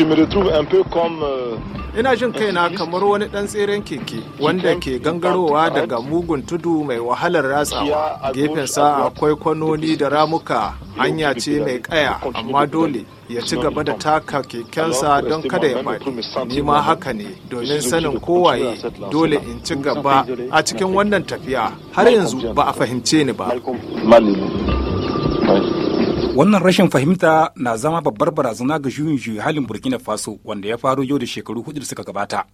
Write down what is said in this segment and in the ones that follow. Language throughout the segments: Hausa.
Uh, Ina jin kaina kamar wani ɗan tseren keke wanda ke gangarowa daga mugun tudu mai wahalar ratsawa. sa akwai kwanoni da ramuka hanya ce mai ƙaya amma dole ya ci gaba da taka kekensa don kada ya faɗi. Ni ma haka ne domin sanin kowaye dole in ci gaba a cikin wannan tafiya har yanzu ba a fahimce ni ba. Wannan rashin fahimta na zama babbar barazana ga juyin juyi halin Burkina Faso wanda ya faro yau da shekaru hudu da suka gabata,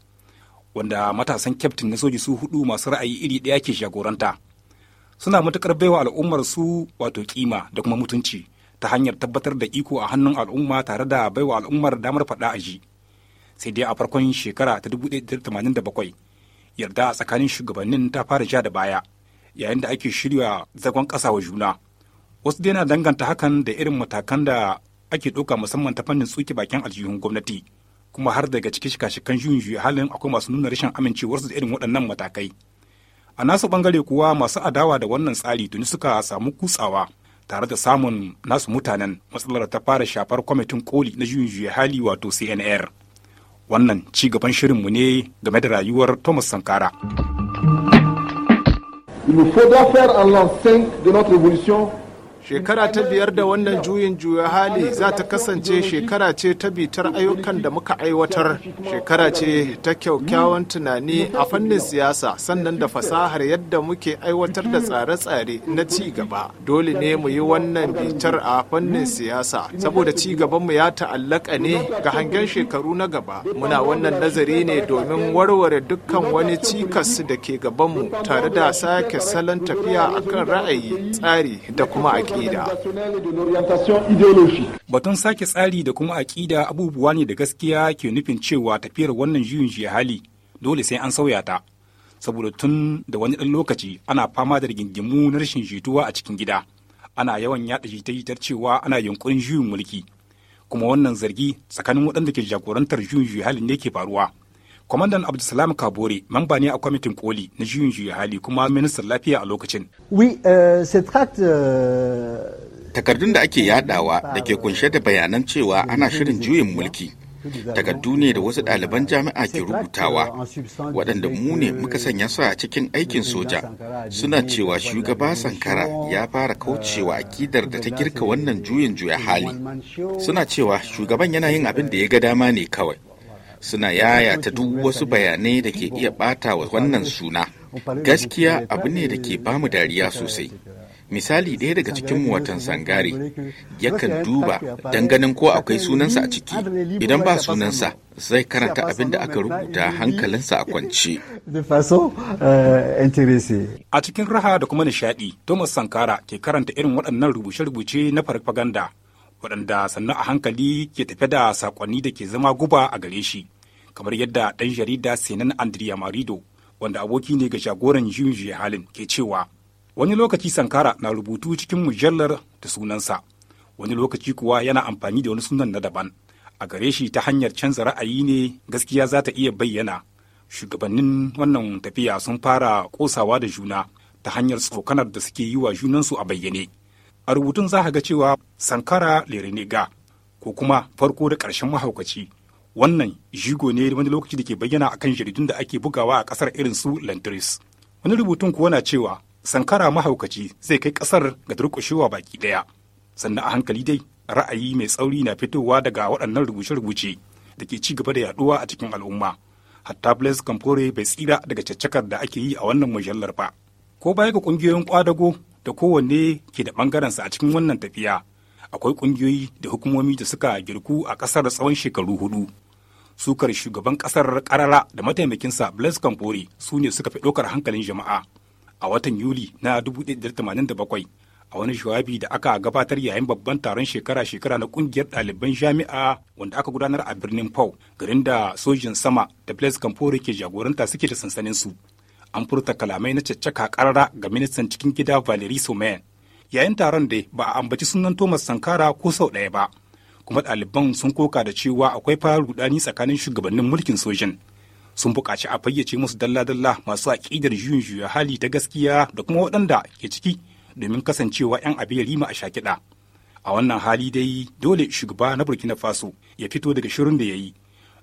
wanda matasan kyaftin na soji su hudu masu ra'ayi iri ɗaya ke jagoranta. Suna matukar baiwa al'ummar su wato kima da kuma mutunci ta hanyar tabbatar da iko a hannun al'umma tare da baiwa al'ummar damar faɗa a ji. Sai dai a farkon shekara ta 1987 yarda a tsakanin shugabannin ta fara ja da baya yayin da ake shirya zagon ƙasa wa juna. wasu dai na danganta hakan da irin matakan da ake ɗauka musamman ta fannin tsuke bakin aljihun gwamnati kuma har daga cikin shika-shikan juyin halin akwai masu nuna rashin amincewarsu da irin waɗannan matakai a nasu bangare kuwa masu adawa da wannan tsari tuni suka samu kutsawa tare da samun nasu mutanen matsalar ta fara shafar kwamitin koli na juyin hali wato cnr wannan ci gaban shirin mu ne game da rayuwar thomas sankara Il nous faut faire un lancement de notre révolution shekara ta biyar da wannan juyin juya hali za ta kasance shekara ce ta bitar ayyukan da muka aiwatar shekara ce ta kyaukyawan tunani a fannin siyasa sannan da fasahar yadda muke aiwatar da tsare-tsare na ci gaba dole ne mu yi wannan bitar a fannin siyasa saboda ci mu ya ta'allaka ne ga hangen shekaru na gaba muna wannan nazari ne domin warware dukkan wani cikas da ke gabanmu tare da sake salon tafiya akan ra'ayi tsari da kuma aƙida aƙida. Batun sake tsari da kuma aƙida abubuwa ne da gaskiya ke nufin cewa tafiyar wannan juyin hali dole sai an sauya ta. Saboda tun da wani ɗan lokaci ana fama da rigingimu na rashin jituwa a cikin gida. Ana yawan yaɗa jita-jitar cewa ana yunkurin juyin mulki. Kuma wannan zargi tsakanin waɗanda ke jagorantar juyin jihali ne ke faruwa. kwamandan abdulsalam kabore mamba ne a kwamitin koli na juyin juya hali kuma ministan lafiya a lokacin euh, euh, takardun da ake yadawa da ke kunshe da bayanan cewa ana shirin juyin mulki takardu ne da wasu ɗaliban jami'a ke rubutawa euh, waɗanda mu ne muka sanya su a cikin aikin soja suna cewa shugaba sankara ya fara kaucewa akidar da ta girka wannan juyin juya hali suna cewa shugaban yana yin abin da ya ga dama ne kawai suna yaya ta duk wasu bayanai da ke iya ɓata wa wannan suna gaskiya abu ne da ke bamu dariya sosai misali ɗaya daga cikin watan sangare yakan duba don ganin ko akwai sunansa a ciki idan ba sunansa zai karanta abin da aka rubuta hankalinsa a kwance euh, a cikin raha da kuma nishadi thomas sankara ke karanta irin waɗannan rubuce-rubuce na farfaganda waɗanda sannu a hankali ke tafe da saƙonni da ke zama guba a gare shi kamar yadda ɗan jarida senan andrea marido wanda aboki ne ga jagoran juyin halin ke cewa wani lokaci sankara na rubutu cikin mujallar da sunansa wani lokaci kuwa yana amfani da wani sunan na daban a gare shi ta hanyar canza ra'ayi ne gaskiya za ta iya bayyana shugabannin wannan tafiya sun fara kosawa da juna ta hanyar tsokanar da suke yi wa junansu a bayyane a rubutun za ga cewa sankara lereniga ko kuma farko da ƙarshen mahaukaci wannan jigo ne wani lokaci da ke bayyana kan jaridun da ake bugawa a ƙasar irin su lantris wani rubutun kuwa na cewa sankara mahaukaci zai kai ƙasar ga durƙushewa baki ɗaya sannan a hankali dai ra'ayi mai tsauri na fitowa daga waɗannan rubuce-rubuce da ke ci gaba da yaɗuwa a cikin al'umma hatta blaise kamfore bai tsira daga caccakar da ake yi a wannan mujallar ba ko baya ga ƙungiyoyin ƙwadago da kowanne ke da ɓangarensa a cikin wannan tafiya akwai ƙungiyoyi da hukumomi da suka girku a ƙasar tsawon shekaru hudu sukar shugaban ƙasar karara da mataimakinsa blaise kamfori su ne suka fi ɗaukar hankalin jama'a a watan yuli na 1987 a wani shawabi da aka gabatar yayin babban taron shekara-shekara na ƙungiyar ɗaliban jami'a wanda aka gudanar a birnin pau garin da sojin sama da blaise kamfore ke jagoranta suke da sansanin su an furta kalamai na caccaka karara ga ministan cikin gida Valerie Somen. Yayin taron da ba a ambaci sunan Thomas Sankara ko sau ɗaya ba, kuma ɗaliban sun koka da cewa akwai fara rudani tsakanin shugabannin mulkin sojin. Sun buƙaci a fayyace musu dalla-dalla masu aƙidar juyin juya hali ta gaskiya da kuma waɗanda ke ciki domin kasancewa 'yan abin rima a shakiɗa. A wannan hali dai dole shugaba na Burkina Faso ya fito daga shirin da ya yi.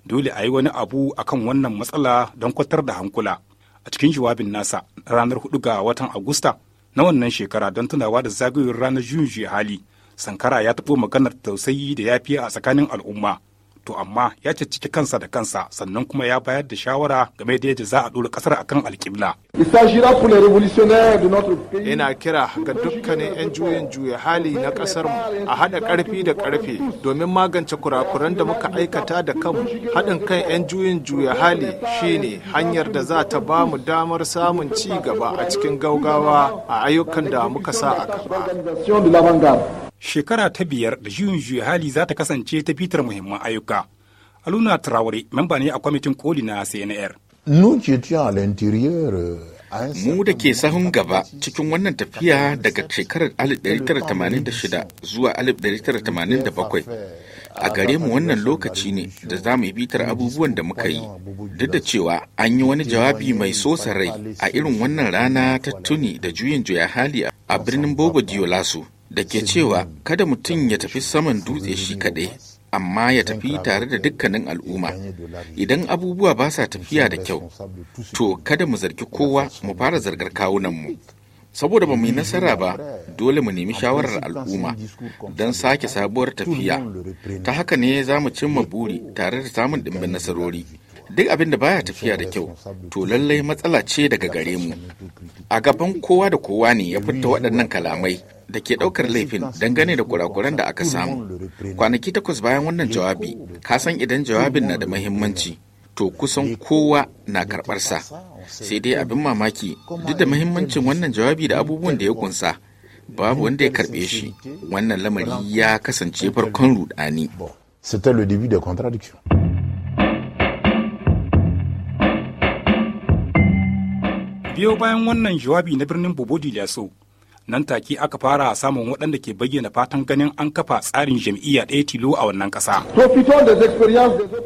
Dole a yi wani abu akan wannan matsala don kwatar da hankula. a cikin jawabin nasa ranar 4 ga watan Agusta na wannan shekara don tunawa da zagayowar ranar juyin hali. Sankara ya taɓo maganar tausayi da yafiya a tsakanin al'umma to amma ya cicciki kansa da kansa sannan kuma ya bayar da shawara game da yadda za a kasar ƙasar akan alƙibla. Ina kira ga dukkanin 'yan juyin juya hali na kasar mu a haɗa ƙarfi da ƙarfe domin magance kurakuran da muka aikata da kanmu. Haɗin kan 'yan juyin juya hali shine hanyar da za ta ba mu damar samun ci gaba a cikin gaugawa a ayyukan da muka sa a gaba. shekara ta biyar da juyin juya hali za ta kasance ta bitar muhimman ayyuka. Aluna Traore memba ne a kwamitin koli na CNR. Mu da ke sahun gaba cikin wannan tafiya daga shekarar 1986 zuwa 1987 a gare mu wannan lokaci ne da za mu yi bitar abubuwan da muka yi duk da cewa an yi wani jawabi mai sosa rai a irin wannan rana ta tuni da juyin juya hali a birnin Bogo diolasu da ke cewa kada mutum ya tafi saman dutse shi kaɗai amma ya tafi tare da dukkanin al'umma idan abubuwa ba sa tafiya da kyau to kada mu zargi kowa mu fara zargar kawunanmu saboda ba mu yi nasara ba dole mu nemi shawarar al'umma don sake sabuwar tafiya ta haka ne za mu cimma buri tare da samun dimbin nasarori duk abin da baya tafiya da kyau to lallai matsala ce daga gare mu a gaban kowa da kowa ne ya fita waɗannan kalamai da ke ɗaukar laifin dangane da kurakuran da aka samu. Kwanaki takwas bayan wannan jawabi, kasan idan jawabin na da mahimmanci, to kusan kowa na karɓarsa. Sai dai abin mamaki duk da mahimmancin wannan jawabi da abubuwan da ya kunsa, babu wanda ya karɓe shi, wannan lamari ya kasance farkon rudani. biyo bayan wannan jawabi na birnin Bobodi so nan take aka fara samun waɗanda ke bayyana fatan ganin an kafa tsarin jam'iyya ɗaya tilo a wannan ƙasa.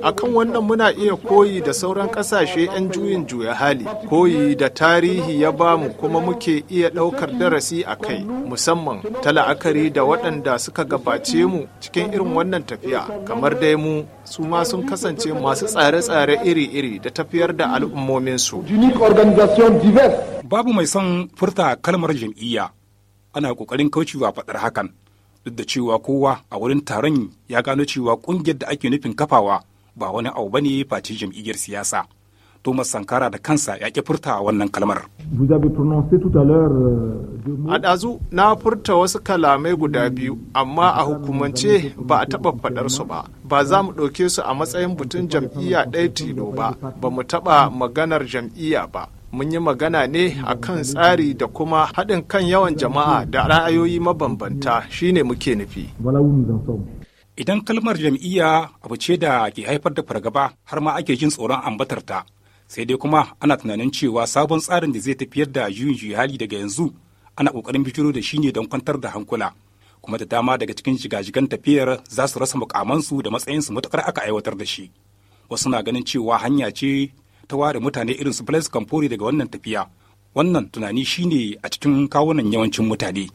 A kan wannan muna iya koyi da sauran ƙasashe 'yan juyin juya hali, koyi da tarihi ya ba mu kuma muke iya ɗaukar darasi a kai, musamman ta la'akari da waɗanda suka gabace mu cikin irin wannan tafiya, kamar dai mu su ma sun kasance masu tsare-tsare iri-iri da tafiyar da al'ummominsu. Babu mai son furta kalmar jam'iyya ana ƙoƙarin kaucewa faɗar hakan duk da cewa kowa a wurin taron ya gano cewa ƙungiyar da ake nufin kafawa ba wani abu bane face jam'iyyar siyasa Thomas Sankara da kansa ya ƙi furta wannan kalmar. Euh, a ɗazu na furta wasu kalamai guda biyu, amma a hukumance ba a taɓa faɗar su ba. Ba za mu ɗauke su a matsayin butun jam'iyya ɗaya tilo ba, ba mu taɓa maganar jam'iyya ba. mun yi magana ne a kan tsari da kuma haɗin kan yawan jama'a da ra'ayoyi mabambanta shine muke nufi. Idan kalmar jam'iyya abu ce da ke haifar da fargaba har ma ake jin tsoron ambatar ta, sai dai kuma ana tunanin cewa sabon tsarin da zai tafiyar da juyin hali daga yanzu ana ƙoƙarin bijiro da shi ne don kwantar da hankula. Kuma da dama daga cikin shiga-shigan tafiyar za su rasa mukamansu da matsayinsu matuƙar aka aiwatar da shi. Wasu na ganin cewa hanya ce ta ware mutane irin su Blaise Compaoré daga wannan tafiya. Wannan tunani shine a cikin kawunan yawancin mutane.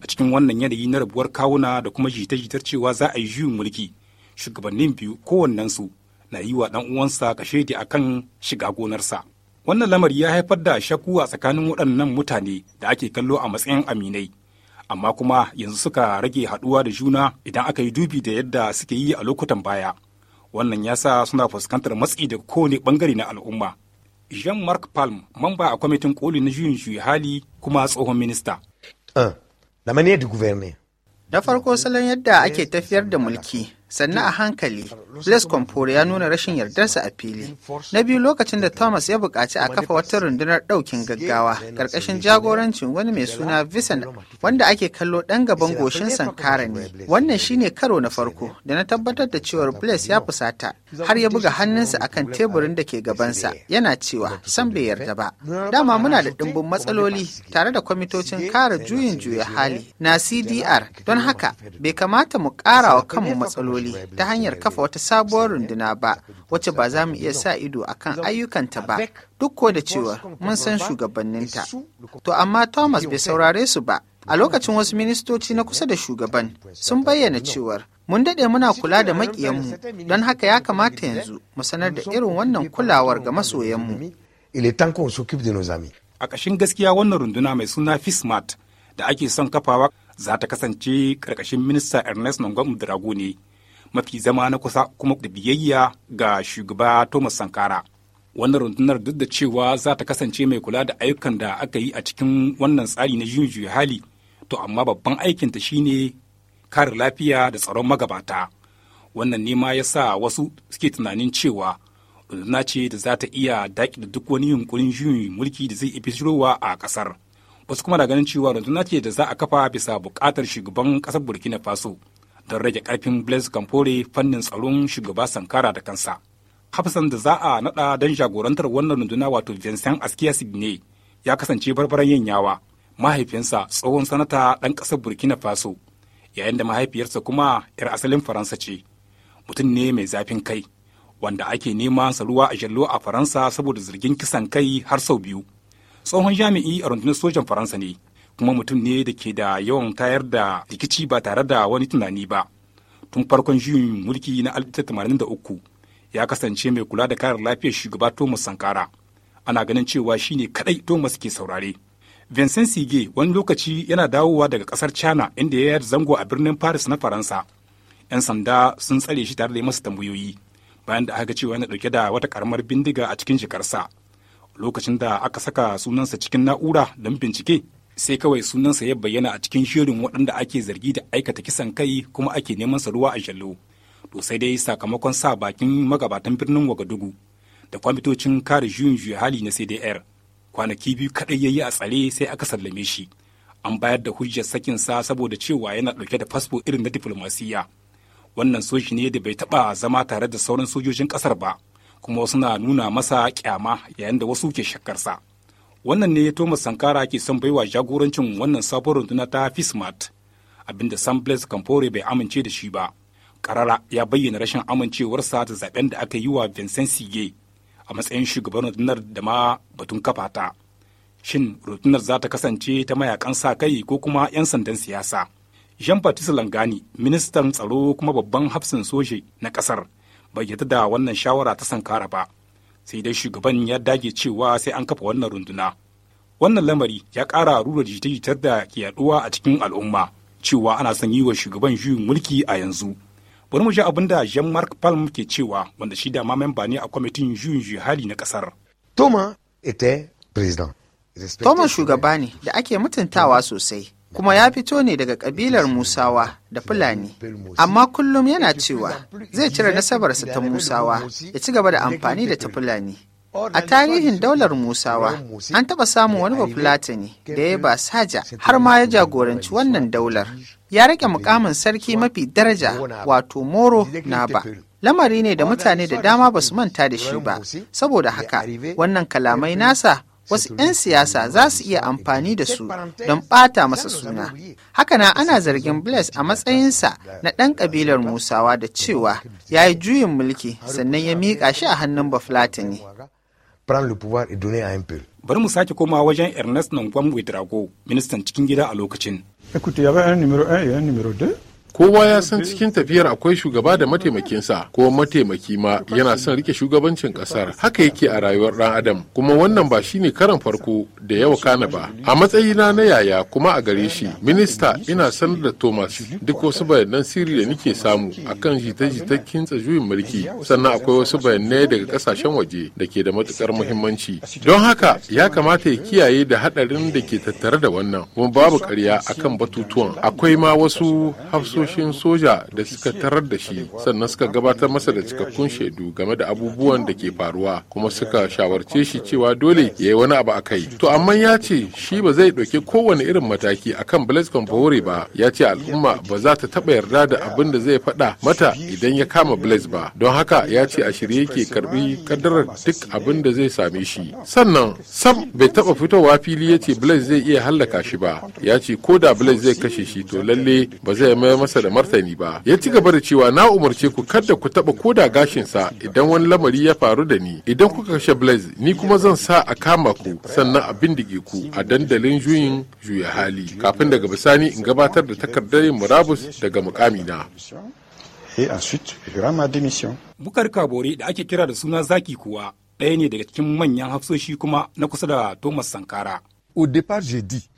A cikin wannan yanayi na rabuwar kawuna da kuma jita-jitar cewa za a yi juyin mulki, shugabannin biyu kowannensu na yi wa ɗan uwansa kashedi kan shiga gonarsa. Wannan lamari ya haifar da shakku a tsakanin waɗannan mutane da ake kallo a matsayin aminai. Amma kuma yanzu suka rage haɗuwa da juna idan aka yi dubi da yadda suke yi a lokutan baya. wannan ya sa suna fuskantar matsi daga kowane bangare na al'umma jean-marc palm mamba a kwamitin koli na juyin juyi hali kuma tsohon minista da farko salon yadda ake tafiyar da mulki sannan a hankali Blaise compaore ya nuna rashin yardarsa a fili na biyu lokacin da thomas ya buƙaci a kafa wata rundunar ɗaukin gaggawa ƙarƙashin jagorancin wani mai suna vincent wanda ake kallo ɗan gaban goshin sankara ne wannan shine karo na farko da na tabbatar da cewar blaise ya fusata har ya buga hannunsa akan teburin da ke gabansa yana cewa san bai yarda ba dama muna da ɗimbin matsaloli tare da kwamitocin kare juyin juya hali na cdr don haka bai kamata mu ƙara wa kanmu matsaloli matsaloli ta hanyar kafa wata sabuwar runduna ba wacce ba za mu iya sa ido a kan ayyukanta ba duk ko da cewa mun san shugabanninta to amma thomas bai saurare su ba a lokacin wasu ministoci na kusa da shugaban sun bayyana cewar mun daɗe muna kula da maƙiyanmu don haka ya kamata yanzu mu sanar da irin wannan kulawar ga masoyanmu a ƙashin gaskiya wannan runduna mai suna fismat da ake son kafawa za ta kasance ƙarƙashin minista ernest nongon drago ne mafi zama na kusa kuma da biyayya ga shugaba Thomas Sankara. Wannan rundunar duk da cewa za ta kasance mai kula da ayyukan da aka yi a cikin wannan tsari na juyin hali, to amma babban aikinta shine kare lafiya da tsaron magabata. Wannan nema ya sa wasu suke tunanin cewa rundunar ce da za ta iya daƙi da duk wani yunkurin juyin mulki da zai ifi shirowa a ƙasar. Wasu kuma na ganin cewa rundunar ce da za a kafa bisa buƙatar shugaban ƙasar Burkina Faso. don rage karfin blaise kamfore fannin tsaron shugaba sankara da kansa hafsan da za a naɗa don jagorantar wannan runduna wato vincent askia ne ya kasance barbaran yanyawa mahaifinsa tsohon sanata ɗan ƙasar burkina faso yayin da mahaifiyarsa kuma 'yar asalin faransa ce mutum ne mai zafin kai wanda ake nema saluwa a jallo a faransa saboda zargin kisan kai har sau biyu tsohon jami'i a rundunar sojan faransa ne kuma mutum ne da ke da yawan tayar da rikici ba tare da wani tunani ba tun farkon juyin mulki na da uku ya kasance mai kula da karar lafiyar shugaba thomas sankara ana ganin cewa shine kadai thomas ke saurare vincent sige wani lokaci yana dawowa daga kasar china inda ya zango a birnin paris na faransa 'yan sanda sun tsare shi tare da masa tambayoyi bayan da aka cewa yana dauke da wata karamar bindiga a cikin jikarsa lokacin da aka saka sunansa cikin na'ura don bincike sai kawai sunansa ya bayyana a cikin shirin waɗanda ake zargi da aikata kisan kai kuma ake neman sa ruwa a shallo to sai dai sakamakon sa bakin magabatan birnin wagadugu da kwamitocin kare juyin juya hali na cdr kwanaki biyu kaɗai ya yi a tsare sai aka sallame shi an bayar da hujjar sakin sa saboda cewa yana ɗauke da fasfo irin na diflomasiyya wannan soji ne da bai taɓa zama tare da sauran sojojin ƙasar ba kuma wasu na nuna masa kyama yayin da wasu ke shakkarsa. wannan ne thomas sankara ke son baiwa jagorancin wannan sabon runduna ta fismat abinda sam blaise bai amince da shi ba karara ya bayyana rashin amincewarsa da zaben da aka yi wa vincent sige a matsayin shugaban rundunar da ma batun kafa ta shin rundunar za ta kasance ta mayakan sa kai ko kuma 'yan sandan siyasa jean baptiste langani ministan tsaro kuma babban hafsin soje na kasar bai yarda da wannan shawara ta sankara ba sai dai shugaban ya dage cewa sai an kafa wannan runduna wannan lamari ya ƙara rura jita-jitar da ke yaduwa a cikin al'umma cewa ana son yi wa shugaban juyin mulki a yanzu bari mu ji abin da jean marc palm ke cewa wanda shi dama memba ne a kwamitin juyin hali na kasar toma ita president toma shugaba ne da ake mutuntawa sosai kuma ya fito ne daga kabilar Musawa da Fulani, amma kullum yana cewa zai cire nasabarsa ta Musawa ya ci gaba da amfani da ta Fulani. A tarihin daular Musawa, an taɓa samun wani Bafulatani da ya ba saja har ma ya jagoranci wannan daular. Ya rike mukamin sarki mafi daraja wato Moro na ba. Lamari ne da mutane da dama ba su manta da shi ba, saboda haka wannan kalamai nasa wasu 'yan siyasa za su iya amfani da su don ɓata masa suna. Hakana ana zargin Blaise a matsayinsa na ɗan ƙabilar Musawa da cewa ya yi juyin mulki sannan ya miƙa shi a hannun Bafulatani. Bari mu sake komawa wajen Ernest Nongwam Wedrago, ministan cikin gida a lokacin. il y avait un numéro 1 et kowa ya san cikin tafiyar akwai shugaba da mataimakinsa ko mataimaki ma yana son rike shugabancin kasar haka yake a rayuwar dan adam kuma wannan ba shine karan farko da yawa kana ba a matsayina na yaya kuma a gare shi minista ina sanar da thomas duk wasu bayanan sirri da nike samu akan jita-jitar kintsa juyin mulki sannan akwai wasu bayanai daga kasashen waje da ke da matukar muhimmanci don haka ya kamata ya kiyaye da hadarin da ke tattare da wannan kuma babu karya akan batutuwan akwai ma wasu hafsoshi hafsoshin soja da suka tarar da shi sannan suka gabatar masa da cikakkun shaidu game da abubuwan da ke faruwa kuma suka shawarce shi cewa dole ya yi wani abu a kai to amma ya ce shi ba zai ɗauki kowane irin mataki akan blaise compaore ba ya ce al'umma ba za ta taɓa yarda da abin da zai faɗa mata idan ya kama blaise ba don haka ya ce a shirye yake karbi kaddarar duk abin da zai same shi sannan sam bai taɓa fitowa fili ya ce blaise zai iya hallaka shi ba ya ce ko da blaise zai kashe shi to lalle ba zai mai masa kansa da martani ba ya ci gaba da cewa na umarce ku kada ku taba koda gashin sa idan wani lamari ya faru da ni idan kuka kashe blaze ni kuma zan sa a kama ku sannan a bindige ku a dandalin juyin juya hali kafin daga bisani in gabatar da takardar murabus daga mukamina et Bukar Kabore da ake kira da suna zaki kuwa ɗaya ne daga cikin manyan hafsoshi kuma na kusa da Thomas Sankara. Au départ j'ai dit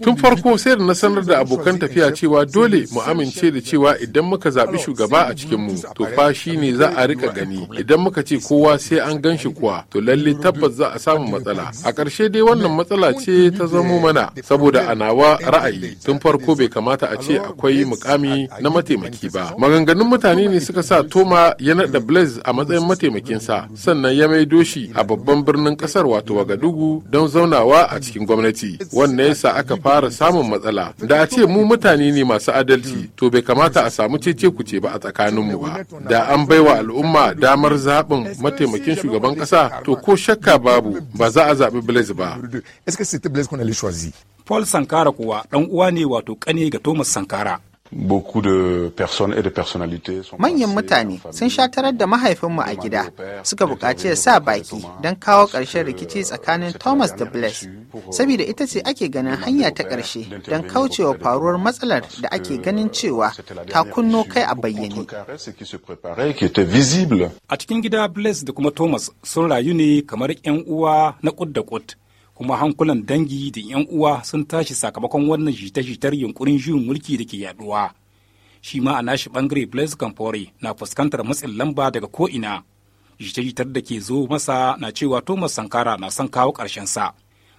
Tun farko sai da na sanar da abokan tafiya cewa dole mu amince da cewa idan muka zaɓi shugaba a cikinmu to fa shi ne za a rika gani idan muka ce kowa sai an gan shi kuwa to lalle tabbas za a samu matsala. A ƙarshe dai wannan matsala ce ta zamo mana saboda a nawa ra'ayi tun farko bai kamata a ce akwai mukami na mataimaki ba. Maganganun mutane ne suka sa Toma ya naɗa Blaise a matsayin mataimakinsa sannan ya maido shi a babban birnin ƙasar wato Wagadugu don zaunawa a cikin gwamnati. Wannan yasa aka fara samun matsala da a ce mu mutane ne masu adalci to bai kamata a samu cece kuce ba a tsakanin mu ba da an baiwa al'umma damar zaɓin mataimakin shugaban ƙasa to ko shakka babu ba za a zaɓi blaze ba. Paul Sankara kuwa ɗan uwa ne wato ƙane ga Thomas Sankara. Manyan mutane sun shatarar da mahaifinmu a gida suka bukaci ya sa baki don kawo ƙarshen rikici tsakanin Thomas da Bless, euh, saboda ita ce ake ganin hanya ta ƙarshe don kaucewa faruwar matsalar da ake ganin cewa ta kunno kai a bayyane. A cikin gida Bless da kuma Thomas sun rayu ne kamar 'yan uwa na ƙud da ƙud. kuma hankulan dangi da 'yan uwa sun tashi sakamakon wannan jita-jitar yunkurin juyin mulki da ke yaduwa shi ma a nashi bangare blaise kamfore na fuskantar matsin lamba daga ko'ina jita-jitar da ke zo masa na cewa thomas sankara na son kawo ƙarshen sa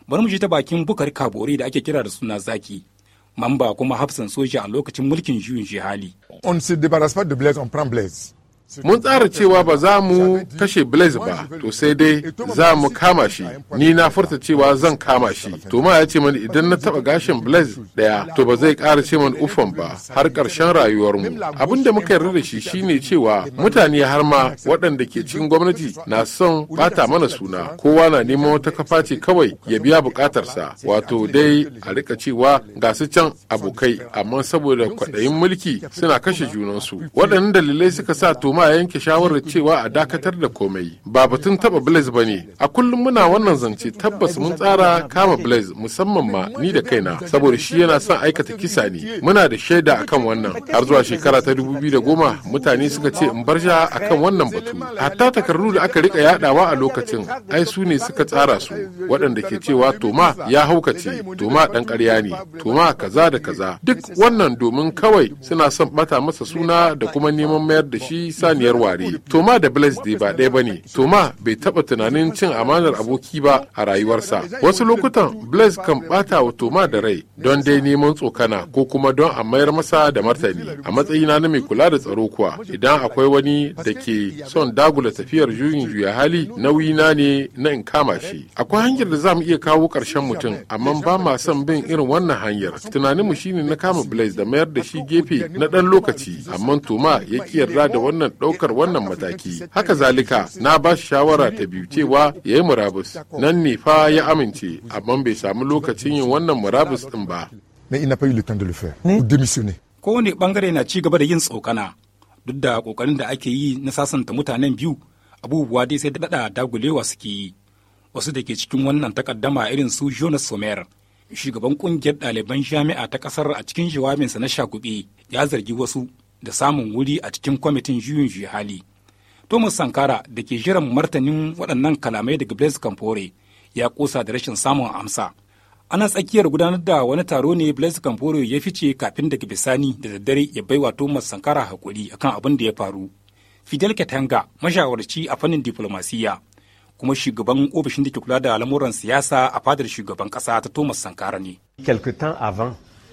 bari mu ji ta bakin bukari kabore da ake kira da suna zaki mamba kuma hafsan soja a lokacin mulkin juyin jihali on se débarrasse pas de blaise on prend blaise mun tsara cewa ba za mu kashe blaze ba to sai dai za mu kama shi ni na furta cewa zan kama shi to ma ya ce mani idan na taba gashin blaze daya to ba zai kara ce mani ufan ba har karshen rayuwar mu abin da muka yarda da shi shine cewa mutane har ma waɗanda ke cikin gwamnati na son bata mana suna kowa na neman wata kafa ce kawai ya biya bukatarsa wato dai a rika cewa ga su can abokai amma saboda kwaɗayin mulki suna kashe junansu waɗannan dalilai suka sa to kuma a yanke shawarar cewa a dakatar da komai ba batun taba blaze ba ne a kullum muna wannan zance tabbas mun tsara kama blaze musamman ma ni da kaina saboda shi yana son aikata kisa ne muna da shaida akan wannan har zuwa shekara ta dubu biyu da goma mutane suka ce in bar sha akan wannan batu hatta takardu da aka rika yaɗawa a lokacin ai su ne suka tsara su waɗanda ke cewa toma ya haukace toma ɗan ƙarya ne toma kaza da kaza duk wannan domin kawai suna son bata masa suna da kuma neman mayar da shi saniyar ware toma da blaise ba ɗaya bane toma bai taɓa tunanin cin amanar aboki ba a rayuwarsa wasu lokutan bless kan bata wa toma da rai don dai neman tsokana ko kuma don a mayar masa da martani a matsayina na mai kula da tsaro kuwa idan akwai wani da ke son dagula tafiyar juyin juya hali nauyi na ne na in kama shi akwai hanyar da za mu iya kawo ƙarshen mutum amma ba ma son bin irin wannan hanyar tunanin tunaninmu shine na kama blaise da mayar da shi gefe na ɗan lokaci amma toma ya yarda da wannan ɗaukar wannan mataki haka zalika na ba shi shawara ta biyu cewa ya yi murabus nan ne fa ya amince amma bai samu lokacin yin wannan murabus ɗin ba kowane bangare na ci gaba da yin tsokana duk da kokarin da ake yi na sasanta mutanen biyu abubuwa dai sai daɗa dagulewa suke yi wasu da ke cikin wannan takaddama irin su jonas somer shugaban kungiyar ɗaliban jami'a ta ƙasar a cikin jawabinsa na shakuɓe ya zargi wasu da samun wuri a cikin kwamitin juyin juyi hali thomas sankara da ke jiran martanin waɗannan kalamai daga blaise kampore ya kosa da rashin samun amsa ana tsakiyar gudanar da wani taro ne blaise kampore ya fice kafin daga bisani da daddare ya baiwa thomas sankara hakuri akan abin da ya faru fidel katanga mashawarci a fannin diflomasiyya kuma shugaban ofishin da ke kula da lamuran siyasa a fadar shugaban ƙasa ta thomas sankara ne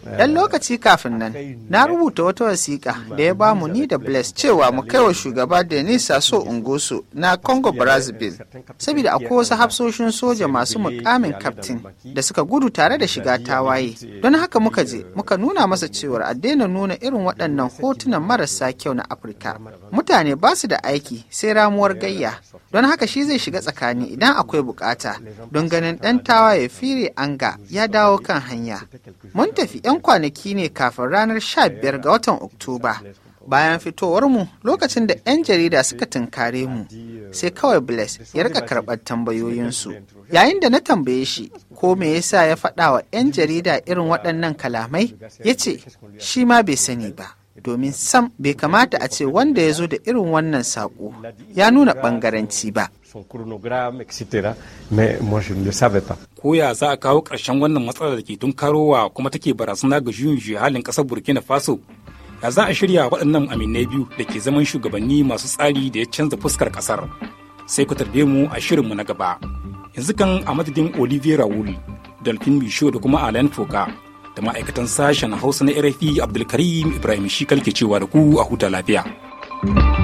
Ɗan lokaci kafin nan, na rubuta wata wasiƙa da ya bamu ni da Bless cewa mu kaiwa shugaba Denis Sassou ungosu na Congo Brazzaville, saboda akwai wasu hafsoshin soja masu mukamin kaftin da suka gudu tare da shiga tawaye. Don haka muka je, muka nuna masa cewar a daina nuna irin waɗannan hotunan marasa kyau na Afirka. Mutane ba su da aiki sai ramuwar gayya, don haka shi zai shiga tsakani idan akwai bukata don ganin ɗan ya fire anga ya dawo kan hanya mun tafi 'yan kwanaki ne kafin ranar 15 ga watan oktoba bayan fitowar mu lokacin da 'yan jarida suka tunkare mu sai kawai bless ya rika karɓar tambayoyinsu yayin da na tambaye shi ko me yasa ya faɗa wa 'yan jarida irin waɗannan kalamai ya ce shi ma bai sani ba domin sam bai kamata a ce wanda ya zo da irin wannan saƙo ya nuna ɓangaranci ba. ko ya za a kawo ƙarshen wannan matsalar da ke tunkarowa kuma take barazana ga juyin halin ƙasar Burkina Faso. Ya za a shirya waɗannan aminai biyu da ke zaman shugabanni masu tsari da ya canza fuskar ƙasar. Sai ku tarbe mu a shirin mu na gaba. Yanzu kan a madadin Olivier Raul, Dolphin Bisho da kuma Alain Foka. da ma'aikatan sashen hausa na rfi abdulkarim ibrahim shi kalke cewa da ku a huta lafiya.